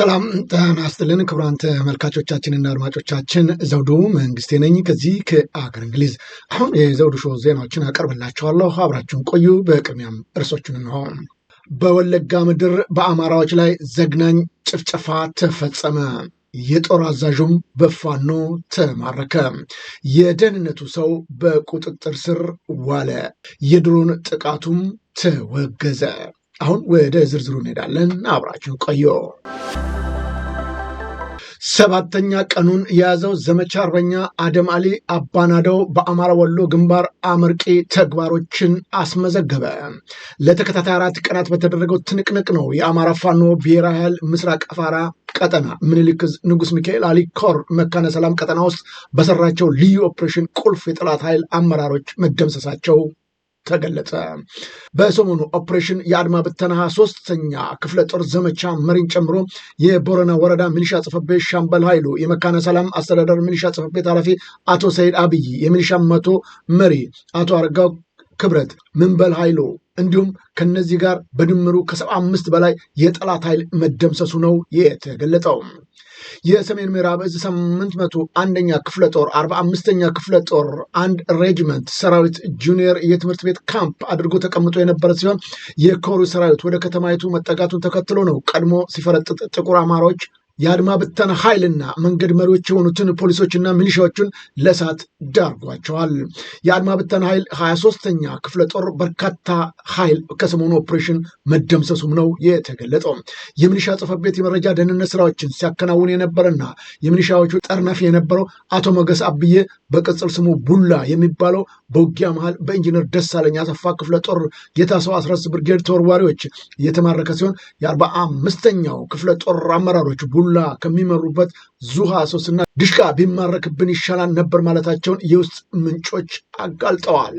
ሰላም ጤና ይስጥልን ክቡራን ተመልካቾቻችንና አድማጮቻችን ዘውዱ መንግስቴ ነኝ ከዚህ ከአገር እንግሊዝ። አሁን የዘውዱ ሾ ዜናዎችን አቀርብላችኋለሁ፣ አብራችሁን ቆዩ። በቅድሚያም እርሶችን እንሆ። በወለጋ ምድር በአማራዎች ላይ ዘግናኝ ጭፍጨፋ ተፈጸመ። የጦር አዛዥም በፋኖ ተማረከ። የደህንነቱ ሰው በቁጥጥር ስር ዋለ። የድሮን ጥቃቱም ተወገዘ። አሁን ወደ ዝርዝሩ እንሄዳለን። አብራችሁ ቆዩ። ሰባተኛ ቀኑን የያዘው ዘመቻ አርበኛ አደም አሊ አባናደው በአማራ ወሎ ግንባር አመርቂ ተግባሮችን አስመዘገበ። ለተከታታይ አራት ቀናት በተደረገው ትንቅንቅ ነው የአማራ ፋኖ ብሔራዊ ኃይል ምስራቅ አፋራ ቀጠና ምኒልክ ንጉስ ሚካኤል አሊ ኮር መካነ ሰላም ቀጠና ውስጥ በሰራቸው ልዩ ኦፕሬሽን ቁልፍ የጠላት ኃይል አመራሮች መደምሰሳቸው ተገለጸ። በሰሞኑ ኦፕሬሽን የአድማ ብተና ሶስተኛ ክፍለ ጦር ዘመቻ መሪን ጨምሮ የቦረና ወረዳ ሚሊሻ ጽፈቤት ቤት ሻምበል ኃይሉ፣ የመካነ ሰላም አስተዳደር ሚሊሻ ጽሕፈት ቤት ኃላፊ አቶ ሰይድ አብይ፣ የሚሊሻ መቶ መሪ አቶ አረጋው ክብረት፣ ምንበል ኃይሉ እንዲሁም ከነዚህ ጋር በድምሩ ከሰባ አምስት በላይ የጠላት ኃይል መደምሰሱ ነው የተገለጠው። የሰሜን ምዕራብ እዝ ስምንት መቶ አንደኛ ክፍለ ጦር አርባ አምስተኛ ክፍለ ጦር አንድ ሬጅመንት ሰራዊት ጁኒየር የትምህርት ቤት ካምፕ አድርጎ ተቀምጦ የነበረ ሲሆን የኮሩ ሰራዊት ወደ ከተማይቱ መጠጋቱን ተከትሎ ነው ቀድሞ ሲፈረጥጥ ጥቁር አማራዎች የአድማ ብተና ኃይልና መንገድ መሪዎች የሆኑትን ፖሊሶችና ሚሊሻዎቹን ለእሳት ዳርጓቸዋል። የአድማ ብተና ኃይል 23ኛ ክፍለ ጦር በርካታ ኃይል ከሰሞኑ ኦፕሬሽን መደምሰሱም ነው የተገለጠው። የሚሊሻ ጽሕፈት ቤት የመረጃ ደህንነት ስራዎችን ሲያከናውን የነበረና የሚሊሻዎቹ ጠርናፊ የነበረው አቶ መገስ አብዬ በቅጽል ስሙ ቡላ የሚባለው በውጊያ መሃል በኢንጂነር ደሳለኝ አሰፋ ክፍለ ጦር ጌታ ሰው አስረስ ብርጌድ ተወርዋሪዎች እየተማረከ ሲሆን የአርባ አምስተኛው ክፍለ ጦር አመራሮች ቡላ ዱላ ከሚመሩበት ዙሃ ሶስትና ድሽቃ ቢማረክብን ይሻላል ነበር ማለታቸውን የውስጥ ምንጮች አጋልጠዋል።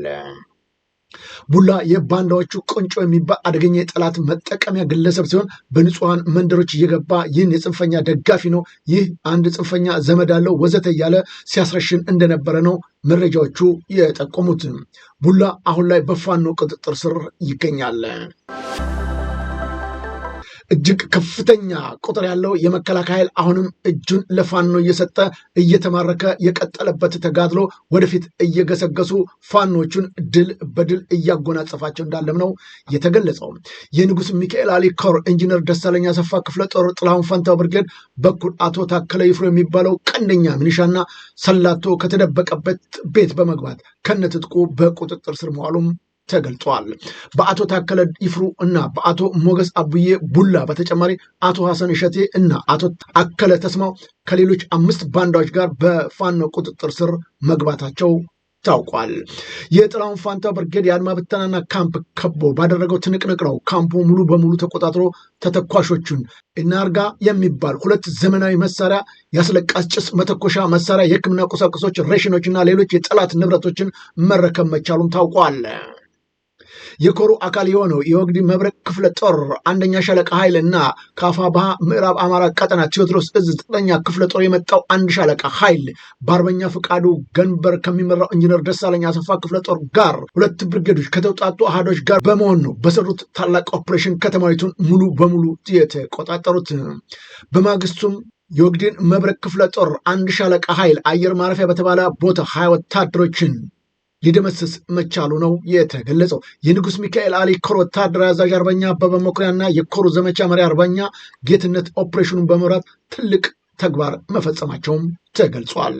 ቡላ የባንዳዎቹ ቁንጮ የሚባል አደገኛ የጠላት መጠቀሚያ ግለሰብ ሲሆን በንጹሐን መንደሮች እየገባ ይህን የጽንፈኛ ደጋፊ ነው፣ ይህ አንድ ጽንፈኛ ዘመድ አለው ወዘተ እያለ ሲያስረሽን እንደነበረ ነው መረጃዎቹ የጠቆሙት። ቡላ አሁን ላይ በፋኖ ቁጥጥር ስር ይገኛል። እጅግ ከፍተኛ ቁጥር ያለው የመከላከያ ኃይል አሁንም እጁን ለፋኖ እየሰጠ እየተማረከ የቀጠለበት ተጋድሎ ወደፊት እየገሰገሱ ፋኖቹን ድል በድል እያጎናጸፋቸው እንዳለም ነው የተገለጸው። የንጉስ ሚካኤል አሊ ኮር ኢንጂነር ደሳለኛ ሰፋ ክፍለ ጦር ጥላሁን ፋንታ ብርጌድ በኩል አቶ ታከለ ይፍሮ የሚባለው ቀንደኛ ሚሊሻና ሰላቶ ከተደበቀበት ቤት በመግባት ከነትጥቁ በቁጥጥር ስር መዋሉም ተገልጧል። በአቶ ታከለ ይፍሩ እና በአቶ ሞገስ አቡዬ ቡላ በተጨማሪ አቶ ሀሰን እሸቴ እና አቶ አከለ ተስማው ከሌሎች አምስት ባንዳዎች ጋር በፋኖ ቁጥጥር ስር መግባታቸው ታውቋል። የጥላውን ፋንታ ብርጌድ የአድማ ብተናና ካምፕ ከቦ ባደረገው ትንቅንቅ ነው ካምፑ ሙሉ በሙሉ ተቆጣጥሮ ተተኳሾቹን እናርጋ የሚባል ሁለት ዘመናዊ መሳሪያ፣ ያስለቃስ ጭስ መተኮሻ መሳሪያ፣ የህክምና ቁሳቁሶች፣ እና ሌሎች የጠላት ንብረቶችን መረከብ መቻሉም ታውቋል። የኮሩ አካል የሆነው የወግዲ መብረቅ ክፍለ ጦር አንደኛ ሻለቃ ኃይል እና ባ ምዕራብ አማራ ቀጠና ቴዎድሮስ እዝ ዘጠነኛ ክፍለ ጦር የመጣው አንድ ሻለቃ ኃይል በአርበኛ ፈቃዱ ገንበር ከሚመራው ኢንጂነር ደሳለኝ አሰፋ ክፍለ ጦር ጋር ሁለት ብርጌዶች ከተውጣጡ አህዶች ጋር በመሆን ነው በሰሩት ታላቅ ኦፕሬሽን ከተማዊቱን ሙሉ በሙሉ የተቆጣጠሩት። በማግስቱም የወግዲን መብረቅ ክፍለ ጦር አንድ ሻለቃ ኃይል አየር ማረፊያ በተባለ ቦታ ሀያ ወታደሮችን ሊደመስስ መቻሉ ነው የተገለጸው። የንጉስ ሚካኤል አሊ ኮር ወታደራዊ አዛዥ አርበኛ አበበ መኩሪያና የኮሩ ዘመቻ መሪ አርበኛ ጌትነት ኦፕሬሽኑን በመምራት ትልቅ ተግባር መፈጸማቸውም ተገልጿል።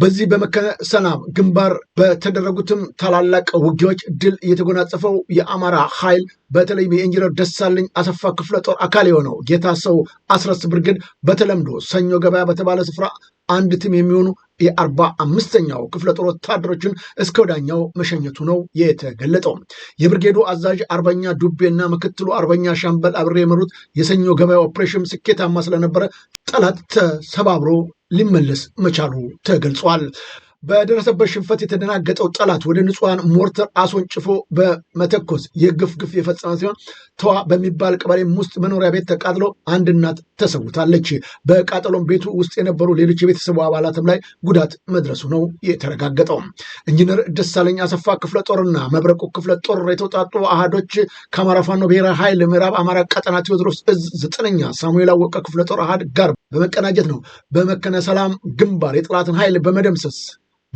በዚህ በመከሰናም ግንባር በተደረጉትም ታላላቅ ውጊያዎች ድል የተጎናጸፈው የአማራ ኃይል በተለይም የኢንጂነር ደሳለኝ አሰፋ ክፍለ ጦር አካል የሆነው ጌታሰው አስረስ ብርግድ በተለምዶ ሰኞ ገበያ በተባለ ስፍራ አንድ ትም የሚሆኑ የአርባ አምስተኛው ክፍለ ጦር ወታደሮችን እስከ ወዳኛው መሸኘቱ ነው የተገለጠው። የብርጌዱ አዛዥ አርበኛ ዱቤና ምክትሉ አርበኛ ሻምበል አብሬ የመሩት የሰኞ ገበያ ኦፕሬሽን ስኬታማ ስለነበረ ጠላት ተሰባብሮ ሊመለስ መቻሉ ተገልጿል። በደረሰበት ሽንፈት የተደናገጠው ጠላት ወደ ንጹሐን ሞርተር አስወንጭፎ በመተኮስ የግፍ ግፍ የፈጸመ ሲሆን ተዋ በሚባል ቀበሌም ውስጥ መኖሪያ ቤት ተቃጥሎ አንድ እናት ተሰውታለች። በቃጠሎም ቤቱ ውስጥ የነበሩ ሌሎች የቤተሰቡ አባላትም ላይ ጉዳት መድረሱ ነው የተረጋገጠው። ኢንጂነር ደሳለኝ አሰፋ ክፍለ ጦርና መብረቁ ክፍለ ጦር የተውጣጡ አህዶች ከአማራ ፋኖ ብሔራዊ ኃይል ምዕራብ አማራ ቀጠና ቴዎድሮስ እዝ ዘጠነኛ ሳሙኤል አወቀ ክፍለ ጦር አሃድ ጋር በመቀናጀት ነው በመከነ ሰላም ግንባር የጠላትን ኃይል በመደምሰስ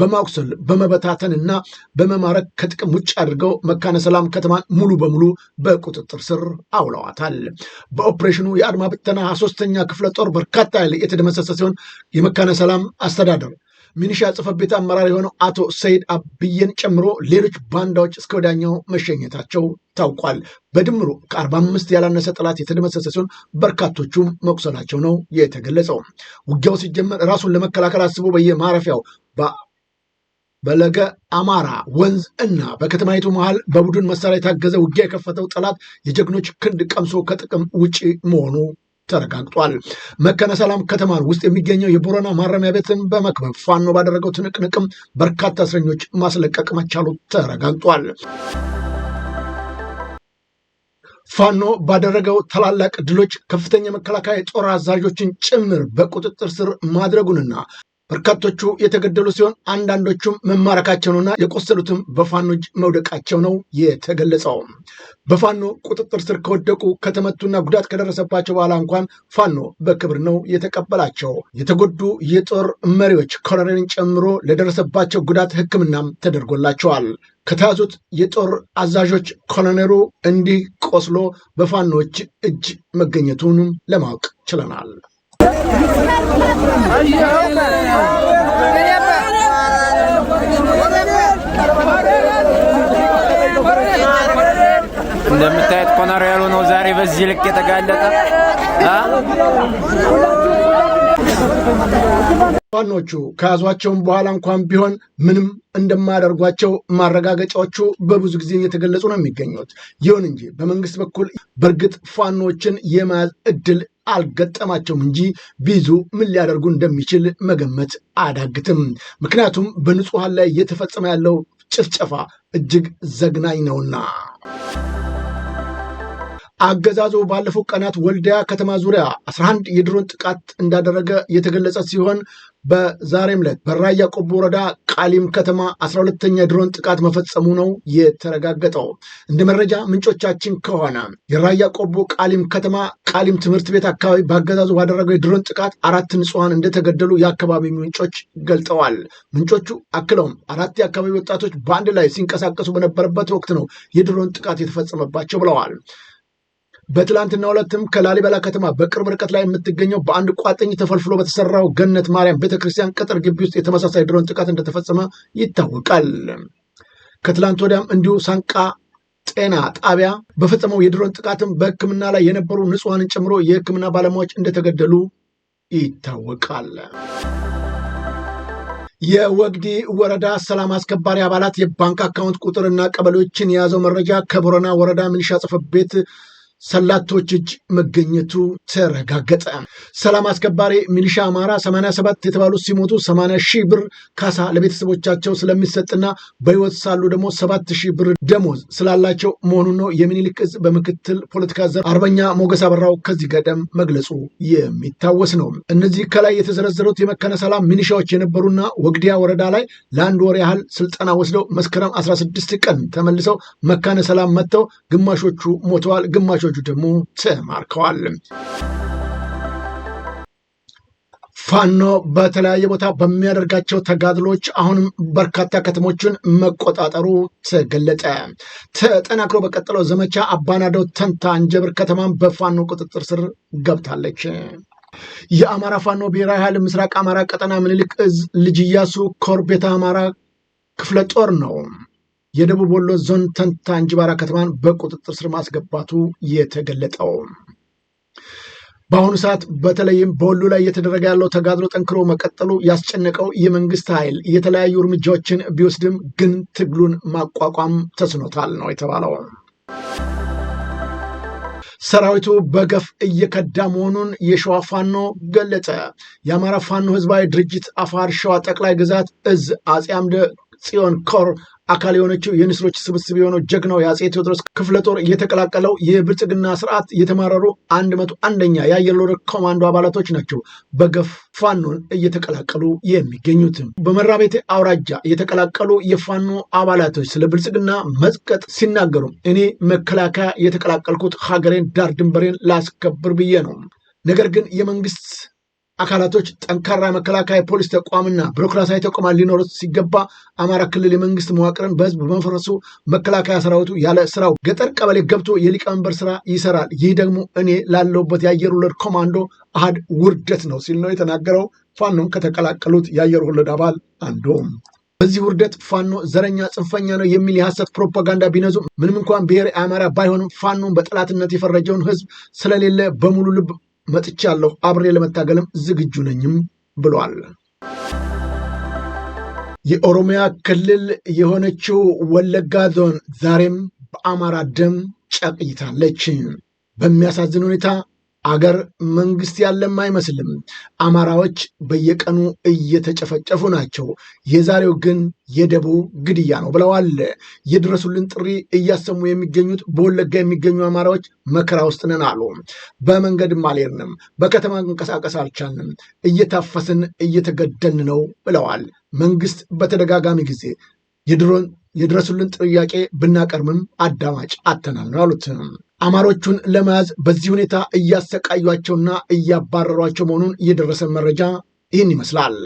በማቁሰል በመበታተን እና በመማረክ ከጥቅም ውጭ አድርገው መካነ ሰላም ከተማን ሙሉ በሙሉ በቁጥጥር ስር አውለዋታል። በኦፕሬሽኑ የአድማ ብተና ሶስተኛ ክፍለ ጦር በርካታ ያለ የተደመሰሰ ሲሆን የመካነ ሰላም አስተዳደር ሚኒሻ ጽሕፈት ቤት አመራር የሆነው አቶ ሰይድ አብዬን ጨምሮ ሌሎች ባንዳዎች እስከ ወዲያኛው መሸኘታቸው ታውቋል። በድምሩ ከአርባ አምስት ያላነሰ ጠላት የተደመሰሰ ሲሆን በርካቶቹም መቁሰላቸው ነው የተገለጸው። ውጊያው ሲጀመር ራሱን ለመከላከል አስቦ በየማረፊያው በለገ አማራ ወንዝ እና በከተማይቱ መሃል በቡድን መሳሪያ የታገዘ ውጊያ የከፈተው ጠላት የጀግኖች ክንድ ቀምሶ ከጥቅም ውጪ መሆኑ ተረጋግጧል። መከነ ሰላም ከተማን ውስጥ የሚገኘው የቦረና ማረሚያ ቤትን በመክበብ ፋኖ ባደረገው ትንቅንቅም በርካታ እስረኞች ማስለቀቅ መቻሉ ተረጋግጧል። ፋኖ ባደረገው ታላላቅ ድሎች ከፍተኛ መከላከያ የጦር አዛዦችን ጭምር በቁጥጥር ስር ማድረጉንና በርካቶቹ የተገደሉ ሲሆን አንዳንዶቹም መማረካቸውና የቆሰሉትም በፋኖች መውደቃቸው ነው የተገለጸው። በፋኖ ቁጥጥር ስር ከወደቁ ከተመቱና ጉዳት ከደረሰባቸው በኋላ እንኳን ፋኖ በክብር ነው የተቀበላቸው። የተጎዱ የጦር መሪዎች ኮሎኔልን ጨምሮ ለደረሰባቸው ጉዳት ሕክምናም ተደርጎላቸዋል። ከተያዙት የጦር አዛዦች ኮሎኔሉ እንዲህ ቆስሎ በፋኖች እጅ መገኘቱንም ለማወቅ ችለናል። እንደምታየት ያሉ ነው ዛሬ በዚህ ልክ የተጋለጠ። ፋኖቹ ከያዟቸውም በኋላ እንኳን ቢሆን ምንም እንደማያደርጓቸው ማረጋገጫዎቹ በብዙ ጊዜ እየተገለጹ ነው የሚገኙት። ይሁን እንጂ በመንግስት በኩል በእርግጥ ፋኖችን የመያዝ እድል አልገጠማቸውም እንጂ ቢይዙ ምን ሊያደርጉ እንደሚችል መገመት አዳግትም ምክንያቱም በንጹሐን ላይ እየተፈጸመ ያለው ጭፍጨፋ እጅግ ዘግናኝ ነውና። አገዛዙ ባለፉት ቀናት ወልዲያ ከተማ ዙሪያ 11 የድሮን ጥቃት እንዳደረገ የተገለጸ ሲሆን በዛሬም ዕለት በራያ ቆቦ ወረዳ ቃሊም ከተማ 12ተኛ የድሮን ጥቃት መፈጸሙ ነው የተረጋገጠው። እንደ መረጃ ምንጮቻችን ከሆነ የራያ ቆቦ ቃሊም ከተማ ቃሊም ትምህርት ቤት አካባቢ በአገዛዙ ባደረገው የድሮን ጥቃት አራት ንጹሐን እንደተገደሉ የአካባቢ ምንጮች ገልጠዋል። ምንጮቹ አክለውም አራት የአካባቢ ወጣቶች በአንድ ላይ ሲንቀሳቀሱ በነበረበት ወቅት ነው የድሮን ጥቃት የተፈጸመባቸው ብለዋል። በትላንትና ሁለትም ከላሊበላ ከተማ በቅርብ ርቀት ላይ የምትገኘው በአንድ ቋጥኝ ተፈልፍሎ በተሰራው ገነት ማርያም ቤተክርስቲያን ቅጥር ግቢ ውስጥ የተመሳሳይ ድሮን ጥቃት እንደተፈጸመ ይታወቃል። ከትላንት ወዲያም እንዲሁ ሳንቃ ጤና ጣቢያ በፈጸመው የድሮን ጥቃትም በሕክምና ላይ የነበሩ ንጹሐንን ጨምሮ የሕክምና ባለሙያዎች እንደተገደሉ ይታወቃል። የወግዲ ወረዳ ሰላም አስከባሪ አባላት የባንክ አካውንት ቁጥርና ቀበሌዎችን የያዘው መረጃ ከቦረና ወረዳ ምንሻ ጽፈት ቤት ሰላቶች እጅ መገኘቱ ተረጋገጠ። ሰላም አስከባሪ ሚሊሻ አማራ 87 የተባሉት ሲሞቱ 80 ሺህ ብር ካሳ ለቤተሰቦቻቸው ስለሚሰጥና በህይወት ሳሉ ደግሞ 7 ሺህ ብር ደሞዝ ስላላቸው መሆኑን ነው የሚኒሊክ እዝ በምክትል ፖለቲካ ዘር አርበኛ ሞገስ አበራው ከዚህ ቀደም መግለጹ የሚታወስ ነው። እነዚህ ከላይ የተዘረዘሩት የመከነ ሰላም ሚኒሻዎች የነበሩና ወግዲያ ወረዳ ላይ ለአንድ ወር ያህል ስልጠና ወስደው መስከረም 16 ቀን ተመልሰው መካነ ሰላም መጥተው ግማሾቹ ሞተዋል፣ ግማሾ ሌሎቹ ደግሞ ተማርከዋል። ፋኖ በተለያየ ቦታ በሚያደርጋቸው ተጋድሎች አሁንም በርካታ ከተሞችን መቆጣጠሩ ተገለጠ። ተጠናክሮ በቀጠለው ዘመቻ አባናደው ተንታ እንጀብር ከተማን በፋኖ ቁጥጥር ስር ገብታለች። የአማራ ፋኖ ብሔራዊ ኃይል ምስራቅ አማራ ቀጠና ምኒልክ እዝ ልጅ ኢያሱ ኮርቤታ አማራ ክፍለ ጦር ነው። የደቡብ ወሎ ዞን ተንታ እንጅባራ ከተማን በቁጥጥር ስር ማስገባቱ የተገለጠው በአሁኑ ሰዓት በተለይም በወሎ ላይ እየተደረገ ያለው ተጋድሎ ጠንክሮ መቀጠሉ ያስጨነቀው የመንግስት ኃይል የተለያዩ እርምጃዎችን ቢወስድም ግን ትግሉን ማቋቋም ተስኖታል ነው የተባለው። ሰራዊቱ በገፍ እየከዳ መሆኑን የሸዋ ፋኖ ገለጸ። የአማራ ፋኖ ህዝባዊ ድርጅት አፋር ሸዋ ጠቅላይ ግዛት እዝ አጼ አምደ ጽዮን ኮር አካል የሆነችው የንስሮች ስብስብ የሆነው ጀግናው የአፄ ቴዎድሮስ ክፍለ ጦር እየተቀላቀለው የብልጽግና ስርዓት የተማረሩ አንድ መቶ አንደኛ የአየር ወለድ ኮማንዶ አባላቶች ናቸው በገፍ ፋኖን እየተቀላቀሉ የሚገኙት። በመራቤቴ አውራጃ የተቀላቀሉ የፋኖ አባላቶች ስለ ብልጽግና መጥቀጥ ሲናገሩ እኔ መከላከያ የተቀላቀልኩት ሀገሬን ዳር ድንበሬን ላስከብር ብዬ ነው። ነገር ግን የመንግስት አካላቶች ጠንካራ መከላከያ ፖሊስ ተቋምና ቢሮክራሲያዊ ተቋማት ሊኖሩት ሲገባ አማራ ክልል የመንግስት መዋቅርን በህዝብ በመፈረሱ መከላከያ ሰራዊቱ ያለ ስራው ገጠር ቀበሌ ገብቶ የሊቀመንበር ስራ ይሰራል። ይህ ደግሞ እኔ ላለሁበት የአየር ወለድ ኮማንዶ አሃድ ውርደት ነው ሲል ነው የተናገረው። ፋኖን ከተቀላቀሉት የአየር ወለድ አባል አንዱ በዚህ ውርደት ፋኖ ዘረኛ ጽንፈኛ ነው የሚል የሐሰት ፕሮፓጋንዳ ቢነዙ ምንም እንኳን ብሔር አማራ ባይሆንም ፋኖን በጠላትነት የፈረጀውን ህዝብ ስለሌለ በሙሉ ልብ መጥቻለሁ፣ አብሬ ለመታገልም ዝግጁ ነኝም ብሏል። የኦሮሚያ ክልል የሆነችው ወለጋ ዞን ዛሬም በአማራ ደም ጨቅይታለች። በሚያሳዝን ሁኔታ አገር መንግስት ያለም አይመስልም። አማራዎች በየቀኑ እየተጨፈጨፉ ናቸው። የዛሬው ግን የደቡብ ግድያ ነው ብለዋል። የድረሱልን ጥሪ እያሰሙ የሚገኙት በወለጋ የሚገኙ አማራዎች መከራ ውስጥ ነን አሉ። በመንገድም አልሄድንም፣ በከተማ እንቀሳቀስ አልቻልንም፣ እየታፈስን እየተገደልን ነው ብለዋል። መንግስት በተደጋጋሚ ጊዜ የድሮን የድረሱልን ጥያቄ ብናቀርብም አዳማጭ አተናል ነው አሉት። አማሮቹን ለመያዝ በዚህ ሁኔታ እያሰቃዩቸውና እያባረሯቸው መሆኑን እየደረሰ መረጃ ይህን ይመስላል።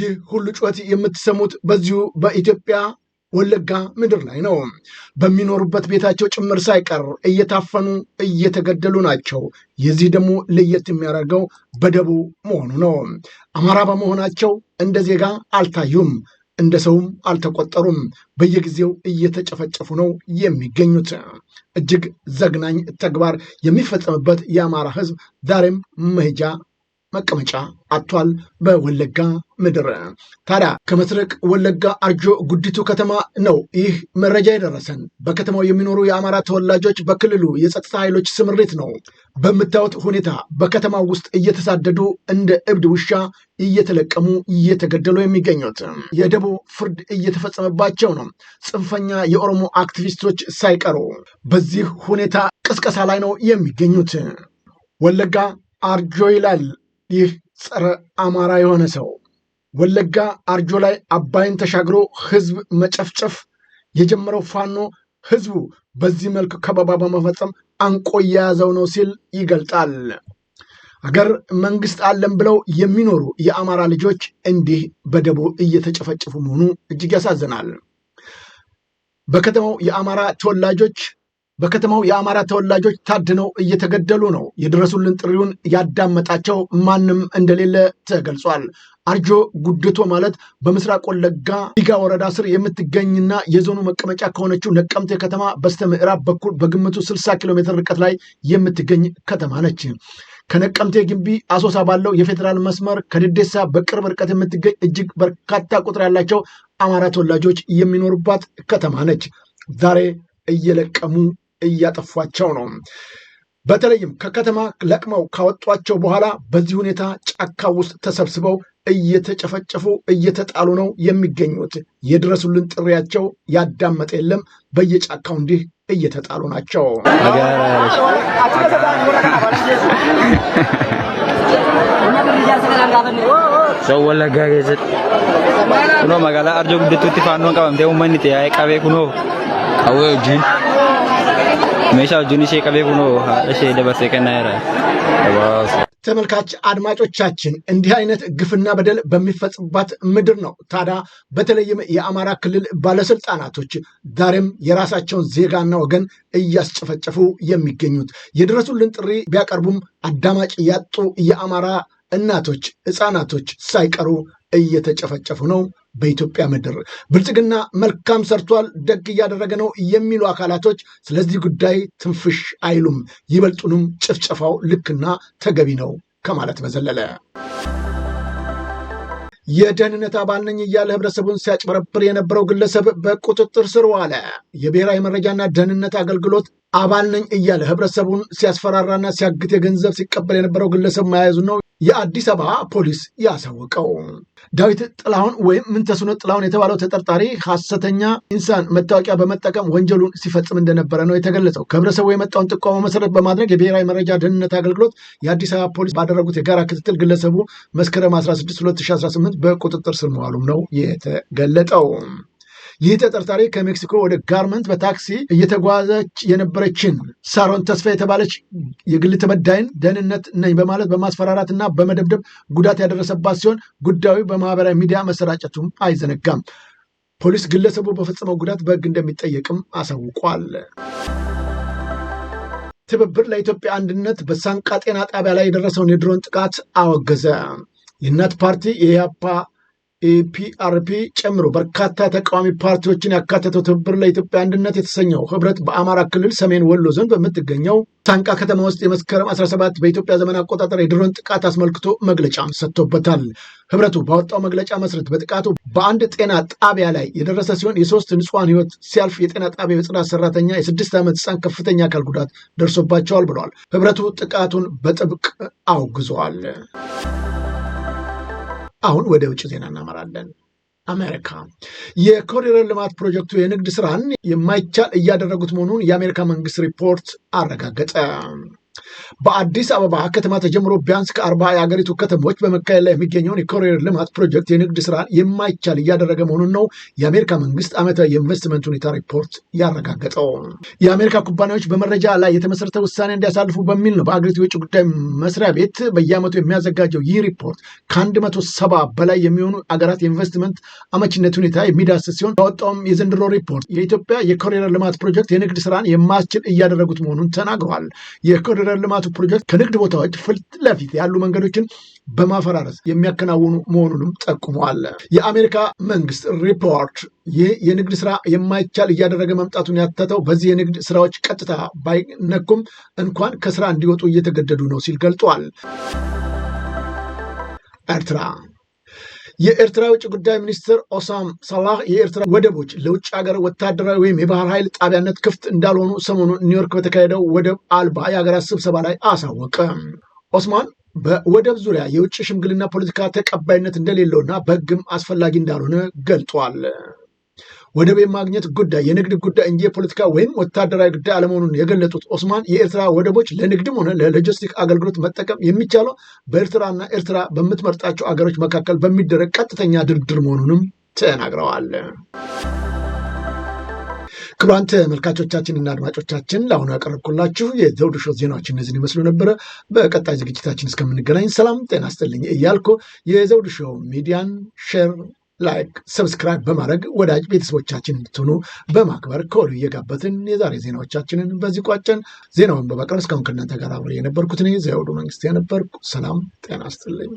ይህ ሁሉ ጩኸት የምትሰሙት በዚሁ በኢትዮጵያ ወለጋ ምድር ላይ ነው። በሚኖሩበት ቤታቸው ጭምር ሳይቀር እየታፈኑ እየተገደሉ ናቸው። የዚህ ደግሞ ለየት የሚያደርገው በደቡብ መሆኑ ነው። አማራ በመሆናቸው እንደ ዜጋ አልታዩም፣ እንደ ሰውም አልተቆጠሩም። በየጊዜው እየተጨፈጨፉ ነው የሚገኙት። እጅግ ዘግናኝ ተግባር የሚፈጸምበት የአማራ ሕዝብ ዛሬም መሄጃ መቀመጫ አጥቷል። በወለጋ ምድር ታዲያ ከምስራቅ ወለጋ አርጆ ጉዲቱ ከተማ ነው ይህ መረጃ የደረሰን። በከተማው የሚኖሩ የአማራ ተወላጆች በክልሉ የጸጥታ ኃይሎች ስምሪት ነው በምታዩት ሁኔታ በከተማው ውስጥ እየተሳደዱ እንደ እብድ ውሻ እየተለቀሙ እየተገደሉ የሚገኙት የደቦ ፍርድ እየተፈጸመባቸው ነው። ጽንፈኛ የኦሮሞ አክቲቪስቶች ሳይቀሩ በዚህ ሁኔታ ቅስቀሳ ላይ ነው የሚገኙት። ወለጋ አርጆ ይላል ይህ ጸረ አማራ የሆነ ሰው ወለጋ አርጆ ላይ አባይን ተሻግሮ ህዝብ መጨፍጨፍ የጀመረው ፋኖ ህዝቡ በዚህ መልክ ከበባ በመፈጸም አንቆ እየያዘው ነው ሲል ይገልጣል። አገር መንግስት አለን ብለው የሚኖሩ የአማራ ልጆች እንዲህ በደቦ እየተጨፈጨፉ መሆኑ እጅግ ያሳዝናል። በከተማው የአማራ ተወላጆች በከተማው የአማራ ተወላጆች ታድነው እየተገደሉ ነው። የድረሱልን ጥሪውን ያዳመጣቸው ማንም እንደሌለ ተገልጿል። አርጆ ጉድቶ ማለት በምስራቅ ወለጋ ዲጋ ወረዳ ስር የምትገኝና የዞኑ መቀመጫ ከሆነችው ነቀምቴ ከተማ በስተ ምዕራብ በኩል በግምቱ 60 ኪሎ ሜትር ርቀት ላይ የምትገኝ ከተማ ነች። ከነቀምቴ ግንቢ አሶሳ ባለው የፌዴራል መስመር ከድዴሳ በቅርብ ርቀት የምትገኝ እጅግ በርካታ ቁጥር ያላቸው አማራ ተወላጆች የሚኖሩባት ከተማ ነች። ዛሬ እየለቀሙ እያጠፏቸው ነው። በተለይም ከከተማ ለቅመው ካወጧቸው በኋላ በዚህ ሁኔታ ጫካ ውስጥ ተሰብስበው እየተጨፈጨፉ እየተጣሉ ነው የሚገኙት። የድረሱልን ጥሪያቸው ያዳመጠ የለም። በየጫካው እንዲህ እየተጣሉ ናቸው። ሰው ወለጋ ኖ መጋላ አርጆ ጉድቱቲ ፋኖን ቀበምቴ መኒ ቀቤ ኩኖ ቀዌ meeshaa wajjin ishee qabee kunoo haadha ishee ተመልካች አድማጮቻችን እንዲህ አይነት ግፍና በደል በሚፈጽባት ምድር ነው ታዲያ በተለይም የአማራ ክልል ባለስልጣናቶች ዛሬም የራሳቸውን ዜጋና ወገን እያስጨፈጨፉ የሚገኙት። የድረሱልን ጥሪ ቢያቀርቡም አዳማጭ ያጡ የአማራ እናቶች፣ ህፃናቶች ሳይቀሩ እየተጨፈጨፉ ነው። በኢትዮጵያ ምድር ብልጽግና መልካም ሰርቷል፣ ደግ እያደረገ ነው የሚሉ አካላቶች ስለዚህ ጉዳይ ትንፍሽ አይሉም። ይበልጡንም ጭፍጨፋው ልክና ተገቢ ነው ከማለት በዘለለ የደህንነት አባል ነኝ እያለ ህብረተሰቡን ሲያጭበረብር የነበረው ግለሰብ በቁጥጥር ስር ዋለ። የብሔራዊ መረጃና ደህንነት አገልግሎት አባል ነኝ እያለ ህብረተሰቡን ሲያስፈራራና ሲያግት የገንዘብ ሲቀበል የነበረው ግለሰብ መያዙ ነው የአዲስ አበባ ፖሊስ ያሳወቀው። ዳዊት ጥላሁን ወይም ምንተስኖት ጥላሁን የተባለው ተጠርጣሪ ሐሰተኛ ኢንሳን መታወቂያ በመጠቀም ወንጀሉን ሲፈጽም እንደነበረ ነው የተገለጸው። ከህብረተሰቡ የመጣውን ጥቆማ መሰረት በማድረግ የብሔራዊ መረጃ ደህንነት አገልግሎት የአዲስ አበባ ፖሊስ ባደረጉት የጋራ ክትትል ግለሰቡ መስከረም 16 2018 በቁጥጥር ስር መዋሉም ነው የተገለጠው። ይህ ተጠርጣሪ ከሜክሲኮ ወደ ጋርመንት በታክሲ እየተጓዘች የነበረችን ሳሮን ተስፋ የተባለች የግል ተበዳይን ደህንነት ነኝ በማለት በማስፈራራትና በመደብደብ ጉዳት ያደረሰባት ሲሆን ጉዳዩ በማህበራዊ ሚዲያ መሰራጨቱም አይዘነጋም። ፖሊስ ግለሰቡ በፈጸመው ጉዳት በሕግ እንደሚጠየቅም አሳውቋል። ትብብር ለኢትዮጵያ አንድነት በሳንቃ ጤና ጣቢያ ላይ የደረሰውን የድሮን ጥቃት አወገዘ። የእናት ፓርቲ የኢህአፓ ኢፒአርፒ ጨምሮ በርካታ ተቃዋሚ ፓርቲዎችን ያካተተው ትብብር ለኢትዮጵያ አንድነት የተሰኘው ህብረት በአማራ ክልል ሰሜን ወሎ ዞን በምትገኘው ታንቃ ከተማ ውስጥ የመስከረም 17 በኢትዮጵያ ዘመን አቆጣጠር የድሮን ጥቃት አስመልክቶ መግለጫ ሰጥቶበታል። ህብረቱ ባወጣው መግለጫ መሰረት በጥቃቱ በአንድ ጤና ጣቢያ ላይ የደረሰ ሲሆን የሶስት ንጹሐን ህይወት ሲያልፍ የጤና ጣቢያ የጽዳት ሰራተኛ፣ የስድስት ዓመት ህፃን ከፍተኛ አካል ጉዳት ደርሶባቸዋል ብለዋል። ህብረቱ ጥቃቱን በጥብቅ አውግዘዋል። አሁን ወደ ውጭ ዜና እናመራለን። አሜሪካ የኮሪደር ልማት ፕሮጀክቱ የንግድ ስራን የማይቻል እያደረጉት መሆኑን የአሜሪካ መንግስት ሪፖርት አረጋገጠ። በአዲስ አበባ ከተማ ተጀምሮ ቢያንስ ከአርባ የሀገሪቱ ከተሞች በመካሄድ ላይ የሚገኘውን የኮሪደር ልማት ፕሮጀክት የንግድ ስራ የማይቻል እያደረገ መሆኑን ነው የአሜሪካ መንግስት ዓመታዊ የኢንቨስትመንት ሁኔታ ሪፖርት ያረጋገጠው። የአሜሪካ ኩባንያዎች በመረጃ ላይ የተመሰረተ ውሳኔ እንዲያሳልፉ በሚል ነው በአገሪቱ የውጭ ጉዳይ መስሪያ ቤት በየአመቱ የሚያዘጋጀው ይህ ሪፖርት ከአንድ መቶ ሰባ በላይ የሚሆኑ አገራት የኢንቨስትመንት አመችነት ሁኔታ የሚዳስስ ሲሆን ያወጣውም የዘንድሮ ሪፖርት የኢትዮጵያ የኮሪደር ልማት ፕሮጀክት የንግድ ስራን የማስችል እያደረጉት መሆኑን ተናግሯል። የኮሪደር ልማቱ ፕሮጀክት ከንግድ ቦታዎች ፊት ለፊት ያሉ መንገዶችን በማፈራረስ የሚያከናውኑ መሆኑንም ጠቁመዋል። የአሜሪካ መንግስት ሪፖርት ይህ የንግድ ስራ የማይቻል እያደረገ መምጣቱን ያተተው በዚህ የንግድ ስራዎች ቀጥታ ባይነኩም እንኳን ከስራ እንዲወጡ እየተገደዱ ነው ሲል ገልጧል። ኤርትራ የኤርትራ የውጭ ጉዳይ ሚኒስትር ኦሳም ሳላህ የኤርትራ ወደቦች ለውጭ ሀገር ወታደራዊ ወይም የባህር ኃይል ጣቢያነት ክፍት እንዳልሆኑ ሰሞኑን ኒውዮርክ በተካሄደው ወደብ አልባ የሀገራት ስብሰባ ላይ አሳወቀ። ኦስማን በወደብ ዙሪያ የውጭ ሽምግልና ፖለቲካ ተቀባይነት እንደሌለውና በሕግም አስፈላጊ እንዳልሆነ ገልጧል። ወደብ የማግኘት ጉዳይ የንግድ ጉዳይ እንጂ የፖለቲካ ወይም ወታደራዊ ጉዳይ አለመሆኑን የገለጡት ኦስማን የኤርትራ ወደቦች ለንግድም ሆነ ለሎጂስቲክ አገልግሎት መጠቀም የሚቻለው በኤርትራና ኤርትራ በምትመርጣቸው አገሮች መካከል በሚደረግ ቀጥተኛ ድርድር መሆኑንም ተናግረዋል። ክቡራን እና አድማጮቻችን ለአሁኑ ያቀረብኩላችሁ የዘውዱ ሾው ዜናዎች እነዚህን ይመስሉ ነበረ። በቀጣይ ዝግጅታችን እስከምንገናኝ ሰላም ጤና ስጥልኝ እያልኩ የዘውዱ ሾው ሚዲያን ሼር ላይክ ሰብስክራይብ በማድረግ ወዳጅ ቤተሰቦቻችን እንድትሆኑ በማክበር ከወዲሁ እየጋበትን የዛሬ ዜናዎቻችንን በዚህ ቋጨን። ዜናውን በማቅረብ እስካሁን ከእናንተ ጋር አብሬ የነበርኩት እኔ ዘውዱ መንግስት የነበርኩ። ሰላም ጤና ይስጥልኝ።